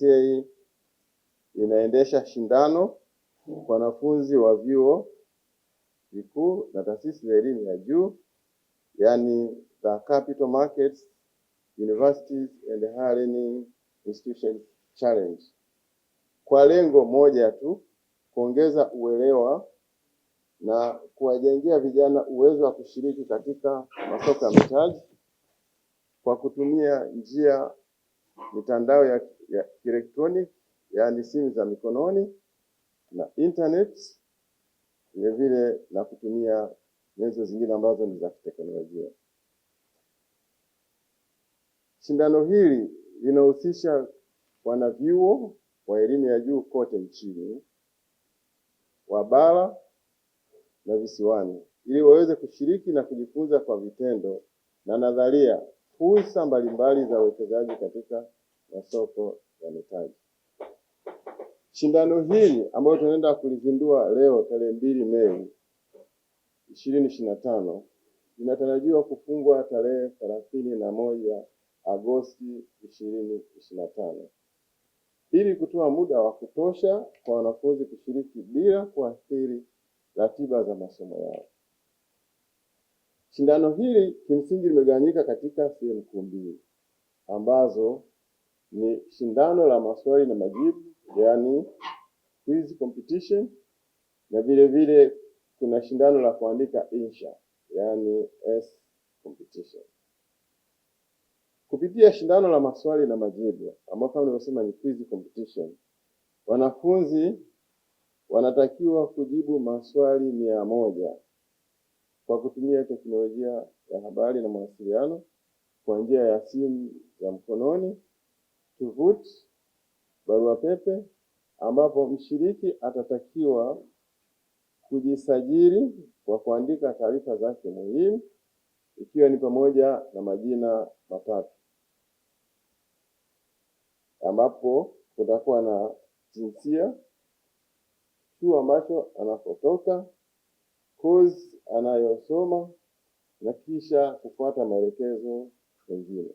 NYCA inaendesha shindano kwa wanafunzi wa vyuo vikuu na taasisi za elimu ya juu yaani the Capital Markets Universities and Higher Learning Institutions Challenge kwa lengo moja tu, kuongeza uelewa na kuwajengea vijana uwezo wa kushiriki katika masoko ya mitaji kwa kutumia njia mitandao ya ya kielektroniki yaani simu za mikononi na internet, vilevile na kutumia nyenzo zingine ambazo ni za kiteknolojia. Shindano hili linahusisha wanavyuo wa elimu ya juu kote nchini wa bara na visiwani, ili waweze kushiriki na kujifunza kwa vitendo na nadharia fursa mbalimbali za uwekezaji katika masoko yanahitaji. Shindano hili ambayo tunaenda kulizindua leo tarehe mbili Mei ishirini ishirini na tano linatarajiwa kufungwa tarehe thelathini na moja Agosti ishirini ishirini na tano ili kutoa muda wa kutosha kwa wanafunzi kushiriki bila kuathiri ratiba za masomo yao. Shindano hili kimsingi limegawanyika katika sehemu kuu mbili ambazo ni shindano la maswali na majibu, yani quiz competition, na vile vile kuna shindano la kuandika insha, yani s competition. Kupitia shindano la maswali na majibu ambao kama nilivyosema ni quiz competition, wanafunzi wanatakiwa kujibu maswali mia moja kwa kutumia teknolojia ya habari na mawasiliano kwa njia ya simu za mkononi tovuti, barua pepe ambapo mshiriki atatakiwa kujisajili kwa kuandika taarifa zake muhimu ikiwa ni pamoja na majina matatu, ambapo kutakuwa na jinsia, chuo ambacho anapotoka, kozi anayosoma na kisha kufuata maelekezo mengine.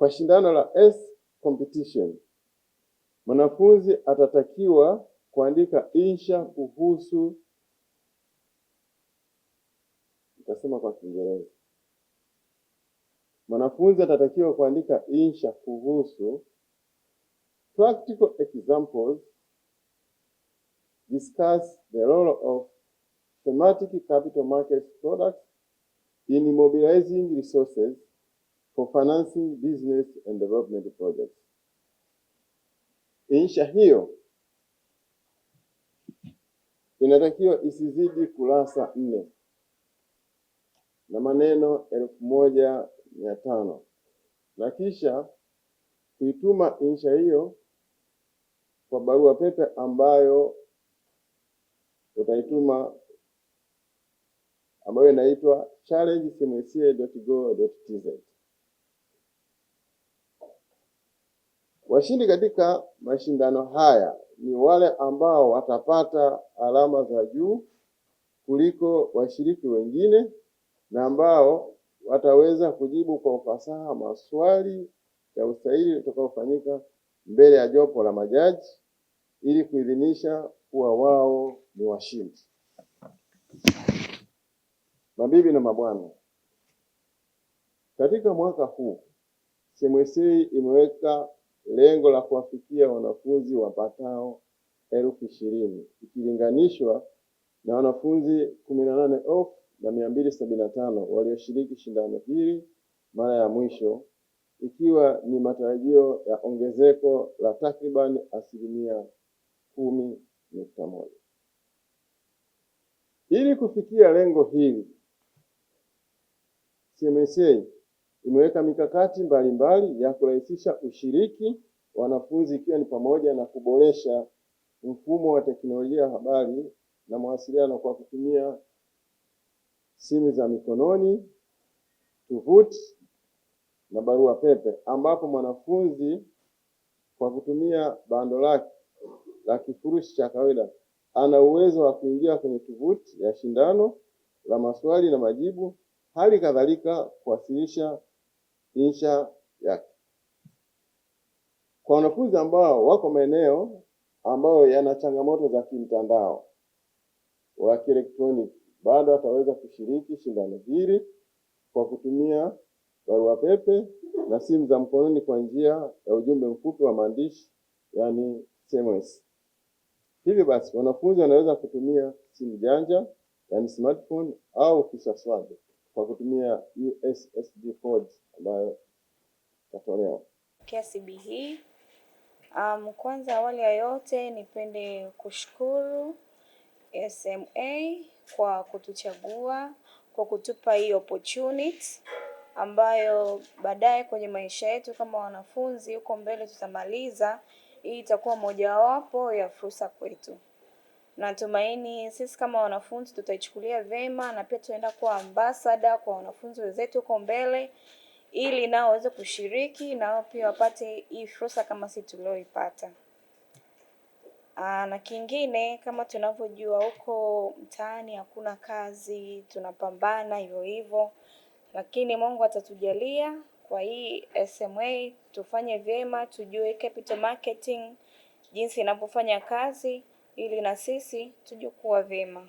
Kwa shindano la S competition, mwanafunzi atatakiwa kuandika insha kuhusu, nitasema kwa Kiingereza, mwanafunzi atatakiwa kuandika insha kuhusu practical examples discuss the role of thematic capital markets products in mobilizing resources for financing business and development projects. Insha hiyo inatakiwa isizidi kurasa nne na maneno elfu moja mia tano na kisha kuituma insha hiyo kwa barua pepe ambayo utaituma ambayo inaitwa challenge cmca.go.tz. Washindi katika mashindano haya ni wale ambao watapata alama za juu kuliko washiriki wengine na ambao wataweza kujibu kwa ufasaha maswali ya usaili utakaofanyika mbele ya jopo la majaji ili kuidhinisha kuwa wao ni washindi. Mabibi na mabwana, katika mwaka huu CMSA imeweka lengo la kuwafikia wanafunzi wapatao elfu ishirini ikilinganishwa na wanafunzi kumi na nane elfu na mia mbili sabini na tano walioshiriki shindano hili mara ya mwisho, ikiwa ni matarajio ya ongezeko la takribani asilimia kumi nukta moja. Ili kufikia lengo hili, CMSA imeweka mikakati mbalimbali mbali ya kurahisisha ushiriki wanafunzi ikiwa ni pamoja na kuboresha mfumo wa teknolojia ya habari na mawasiliano kwa kutumia simu za mikononi, tovuti na barua pepe, ambapo mwanafunzi kwa kutumia bando lake la kifurushi cha kawaida ana uwezo wa kuingia kwenye tovuti ya shindano la maswali na majibu, hali kadhalika kuwasilisha insha yake. Kwa wanafunzi ambao wako maeneo ambayo yana changamoto za kimtandao wa kielektroniki, bado ataweza kushiriki shindano hili kwa kutumia barua pepe na simu za mkononi kwa njia ya ujumbe mfupi wa maandishi yani SMS. Hivyo basi wanafunzi wanaweza kutumia simu janja yani smartphone au kisaswade kwa kutumia USSD codes ambayo itatolewa KCB hii. Um, kwanza awali ya yote nipende kushukuru SMA kwa kutuchagua kwa kutupa hii opportunity ambayo baadaye kwenye maisha yetu kama wanafunzi huko mbele tutamaliza, hii itakuwa mojawapo ya fursa kwetu. Natumaini sisi kama wanafunzi tutaichukulia vyema na pia tutaenda kuwa ambasada kwa wanafunzi wenzetu huko mbele, ili nao waweze kushiriki na pia wapate hii fursa kama sisi tulioipata. Ah, na kingine kama tunavyojua huko mtaani hakuna kazi, tunapambana hivyo hivyo, lakini Mungu atatujalia kwa hii SMA tufanye vyema, tujue capital marketing jinsi inavyofanya kazi ili na sisi tujue kuwa vyema.